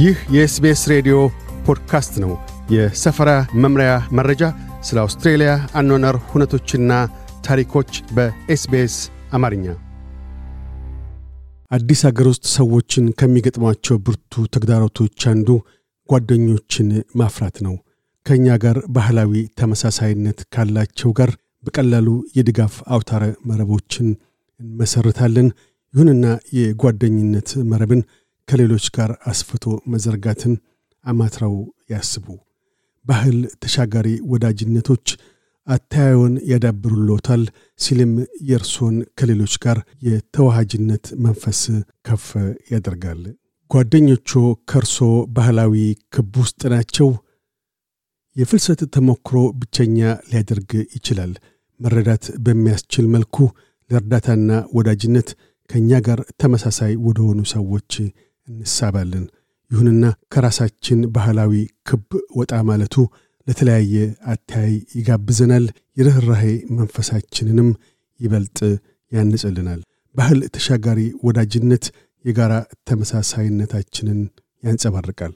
ይህ የኤስቤስ ሬዲዮ ፖድካስት ነው። የሰፈራ መምሪያ መረጃ፣ ስለ አውስትሬልያ አኗነር ሁነቶችና ታሪኮች በኤስቤስ አማርኛ። አዲስ አገር ውስጥ ሰዎችን ከሚገጥሟቸው ብርቱ ተግዳሮቶች አንዱ ጓደኞችን ማፍራት ነው። ከእኛ ጋር ባህላዊ ተመሳሳይነት ካላቸው ጋር በቀላሉ የድጋፍ አውታረ መረቦችን እንመሰርታለን። ይሁንና የጓደኝነት መረብን ከሌሎች ጋር አስፍቶ መዘርጋትን አማትረው ያስቡ። ባህል ተሻጋሪ ወዳጅነቶች አታያዩን ያዳብሩሎታል ሲልም የእርሶን ከሌሎች ጋር የተዋሃጅነት መንፈስ ከፍ ያደርጋል። ጓደኞቹ ከእርሶ ባህላዊ ክብ ውስጥ ናቸው። የፍልሰት ተሞክሮ ብቸኛ ሊያደርግ ይችላል። መረዳት በሚያስችል መልኩ ለእርዳታና ወዳጅነት ከእኛ ጋር ተመሳሳይ ወደሆኑ ሰዎች እንሳባለን። ይሁንና ከራሳችን ባህላዊ ክብ ወጣ ማለቱ ለተለያየ አታይ ይጋብዘናል፣ የርኅራሄ መንፈሳችንንም ይበልጥ ያንጽልናል። ባህል ተሻጋሪ ወዳጅነት የጋራ ተመሳሳይነታችንን ያንጸባርቃል።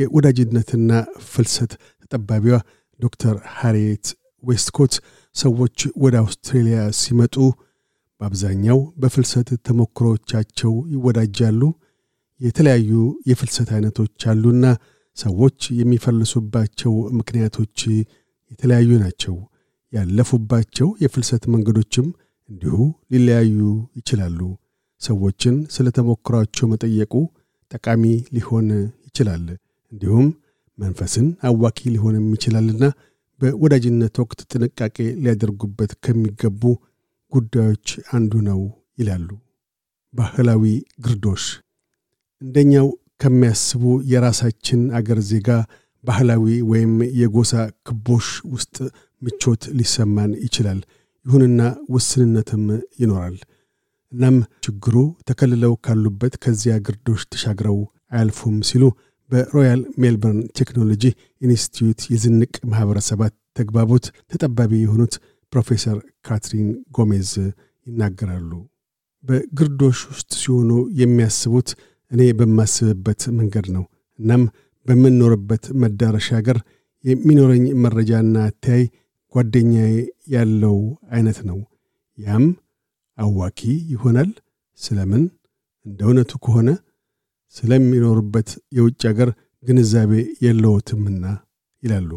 የወዳጅነትና ፍልሰት ተጠባቢዋ ዶክተር ሃሪየት ዌስትኮት ሰዎች ወደ አውስትሬልያ ሲመጡ በአብዛኛው በፍልሰት ተሞክሮቻቸው ይወዳጃሉ የተለያዩ የፍልሰት አይነቶች አሉና ሰዎች የሚፈልሱባቸው ምክንያቶች የተለያዩ ናቸው። ያለፉባቸው የፍልሰት መንገዶችም እንዲሁ ሊለያዩ ይችላሉ። ሰዎችን ስለ ተሞክሯቸው መጠየቁ ጠቃሚ ሊሆን ይችላል። እንዲሁም መንፈስን አዋኪ ሊሆንም ይችላልና በወዳጅነት ወቅት ጥንቃቄ ሊያደርጉበት ከሚገቡ ጉዳዮች አንዱ ነው ይላሉ። ባህላዊ ግርዶሽ እንደኛው ከሚያስቡ የራሳችን አገር ዜጋ ባህላዊ ወይም የጎሳ ክቦሽ ውስጥ ምቾት ሊሰማን ይችላል። ይሁንና ውስንነትም ይኖራል። እናም ችግሩ ተከልለው ካሉበት ከዚያ ግርዶች ተሻግረው አያልፉም ሲሉ በሮያል ሜልበርን ቴክኖሎጂ ኢንስቲትዩት የዝንቅ ማኅበረሰባት ተግባቦት ተጠባቢ የሆኑት ፕሮፌሰር ካትሪን ጎሜዝ ይናገራሉ። በግርዶሽ ውስጥ ሲሆኑ የሚያስቡት እኔ በማስብበት መንገድ ነው። እናም በምኖርበት መዳረሻ ሀገር የሚኖረኝ መረጃና ተያይ ጓደኛ ያለው አይነት ነው። ያም አዋኪ ይሆናል። ስለምን? እንደ እውነቱ ከሆነ ስለሚኖርበት የውጭ አገር ግንዛቤ የለውትምና ይላሉ።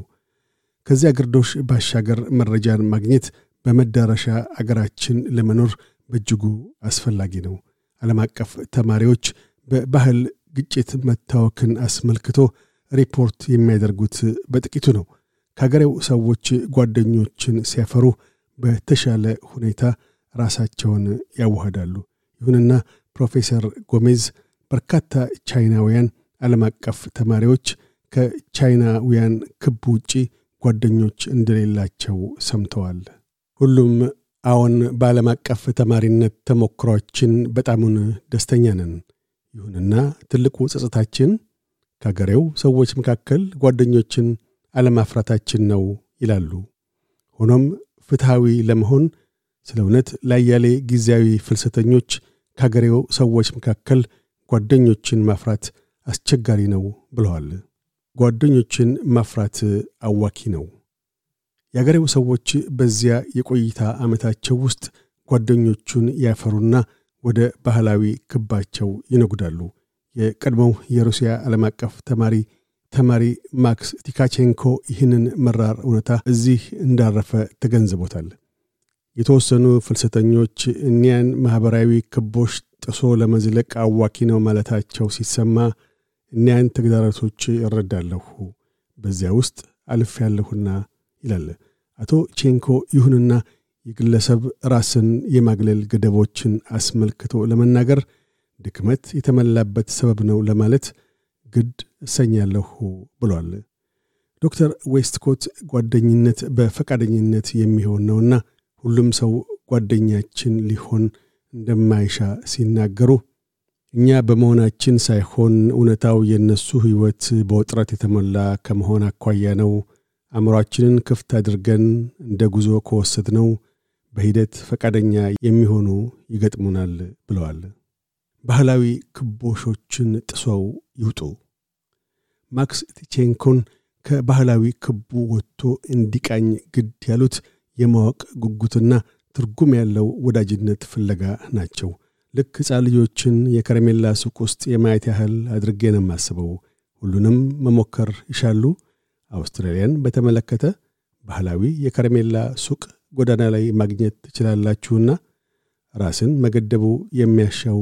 ከዚህ አገርዶሽ ባሻገር መረጃን ማግኘት በመዳረሻ አገራችን ለመኖር በእጅጉ አስፈላጊ ነው። ዓለም አቀፍ ተማሪዎች በባህል ግጭት መታወክን አስመልክቶ ሪፖርት የሚያደርጉት በጥቂቱ ነው። ከአገሬው ሰዎች ጓደኞችን ሲያፈሩ በተሻለ ሁኔታ ራሳቸውን ያዋህዳሉ። ይሁንና ፕሮፌሰር ጎሜዝ በርካታ ቻይናውያን ዓለም አቀፍ ተማሪዎች ከቻይናውያን ክብ ውጪ ጓደኞች እንደሌላቸው ሰምተዋል። ሁሉም አዎን፣ በዓለም አቀፍ ተማሪነት ተሞክሯችን በጣሙን ደስተኛ ነን። ይሁንና ትልቁ ጸጸታችን ከገሬው ሰዎች መካከል ጓደኞችን አለማፍራታችን ነው ይላሉ። ሆኖም ፍትሐዊ ለመሆን ስለ እውነት ላያሌ ጊዜያዊ ፍልሰተኞች ከገሬው ሰዎች መካከል ጓደኞችን ማፍራት አስቸጋሪ ነው ብለዋል። ጓደኞችን ማፍራት አዋኪ ነው። የአገሬው ሰዎች በዚያ የቆይታ ዓመታቸው ውስጥ ጓደኞቹን ያፈሩና ወደ ባህላዊ ክባቸው ይነጉዳሉ። የቀድሞው የሩሲያ ዓለም አቀፍ ተማሪ ተማሪ ማክስ ቲካቼንኮ ይህንን መራር እውነታ እዚህ እንዳረፈ ተገንዝቦታል። የተወሰኑ ፍልሰተኞች እኒያን ማኅበራዊ ክቦች ጥሶ ለመዝለቅ አዋኪ ነው ማለታቸው ሲሰማ እኒያን ተግዳሮቶች እረዳለሁ፣ በዚያ ውስጥ አልፍ ያለሁና ይላል አቶ ቼንኮ። ይሁንና የግለሰብ ራስን የማግለል ገደቦችን አስመልክቶ ለመናገር ድክመት የተመላበት ሰበብ ነው ለማለት ግድ እሰኛለሁ ብሏል። ዶክተር ዌስትኮት ጓደኝነት በፈቃደኝነት የሚሆን ነውና ሁሉም ሰው ጓደኛችን ሊሆን እንደማይሻ ሲናገሩ እኛ በመሆናችን ሳይሆን እውነታው የእነሱ ሕይወት በውጥረት የተሞላ ከመሆን አኳያ ነው። አእምሯችንን ክፍት አድርገን እንደ ጉዞ ከወሰድ ነው በሂደት ፈቃደኛ የሚሆኑ ይገጥሙናል ብለዋል። ባህላዊ ክቦሾችን ጥሰው ይውጡ። ማክስ ቲቼንኮን ከባህላዊ ክቡ ወጥቶ እንዲቃኝ ግድ ያሉት የማወቅ ጉጉትና ትርጉም ያለው ወዳጅነት ፍለጋ ናቸው። ልክ ህፃ ልጆችን የከረሜላ ሱቅ ውስጥ የማየት ያህል አድርጌ ነው የማስበው። ሁሉንም መሞከር ይሻሉ። አውስትራሊያን በተመለከተ ባህላዊ የከረሜላ ሱቅ ጎዳና ላይ ማግኘት ትችላላችሁና ራስን መገደቡ የሚያሻው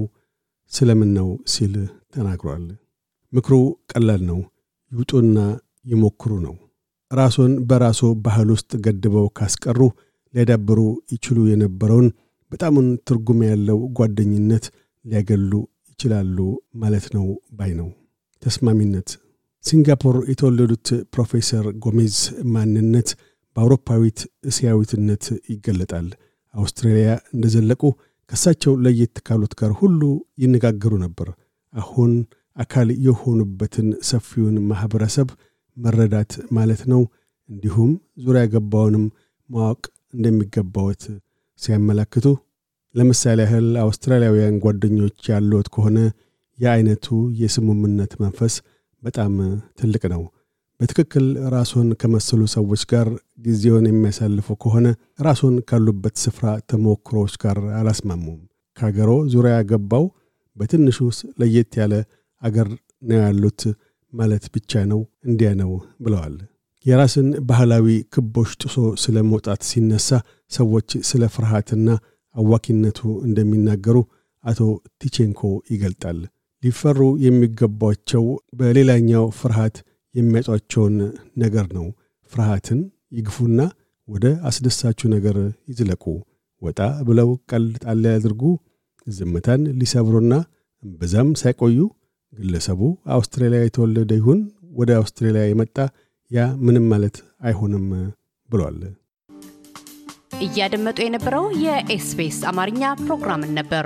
ስለምን ነው ሲል ተናግሯል። ምክሩ ቀላል ነው። ይውጡና ይሞክሩ ነው። ራስዎን በራሶ ባህል ውስጥ ገድበው ካስቀሩ ሊያዳብሩ ይችሉ የነበረውን በጣሙን ትርጉም ያለው ጓደኝነት ሊያገሉ ይችላሉ ማለት ነው ባይ ነው። ተስማሚነት ሲንጋፖር የተወለዱት ፕሮፌሰር ጎሜዝ ማንነት በአውሮፓዊት እስያዊትነት ይገለጣል። አውስትራሊያ እንደዘለቁ ከሳቸው ለየት ካሉት ጋር ሁሉ ይነጋገሩ ነበር። አሁን አካል የሆኑበትን ሰፊውን ማኅበረሰብ መረዳት ማለት ነው። እንዲሁም ዙሪያ ገባውንም ማወቅ እንደሚገባዎት ሲያመላክቱ፣ ለምሳሌ ያህል አውስትራሊያውያን ጓደኞች ያለዎት ከሆነ የአይነቱ የስሙምነት መንፈስ በጣም ትልቅ ነው። በትክክል ራስዎን ከመሰሉ ሰዎች ጋር ጊዜውን የሚያሳልፉ ከሆነ ራስዎን ካሉበት ስፍራ ተሞክሮዎች ጋር አላስማሙም። ከአገሮ ዙሪያ ገባው በትንሹ ለየት ያለ አገር ነው ያሉት ማለት ብቻ ነው፣ እንዲያ ነው ብለዋል። የራስን ባህላዊ ክቦች ጥሶ ስለ መውጣት ሲነሳ ሰዎች ስለ ፍርሃትና አዋኪነቱ እንደሚናገሩ አቶ ቲቼንኮ ይገልጣል። ሊፈሩ የሚገባቸው በሌላኛው ፍርሃት የሚያጫቸውን ነገር ነው። ፍርሃትን ይግፉና ወደ አስደሳችሁ ነገር ይዝለቁ። ወጣ ብለው ቀል ጣል ያድርጉ። ዝምታን ሊሰብሩና እምብዛም ሳይቆዩ ግለሰቡ አውስትራሊያ የተወለደ ይሁን ወደ አውስትራሊያ የመጣ ያ ምንም ማለት አይሆንም ብሏል። እያደመጡ የነበረው የኤስፔስ አማርኛ ፕሮግራምን ነበር።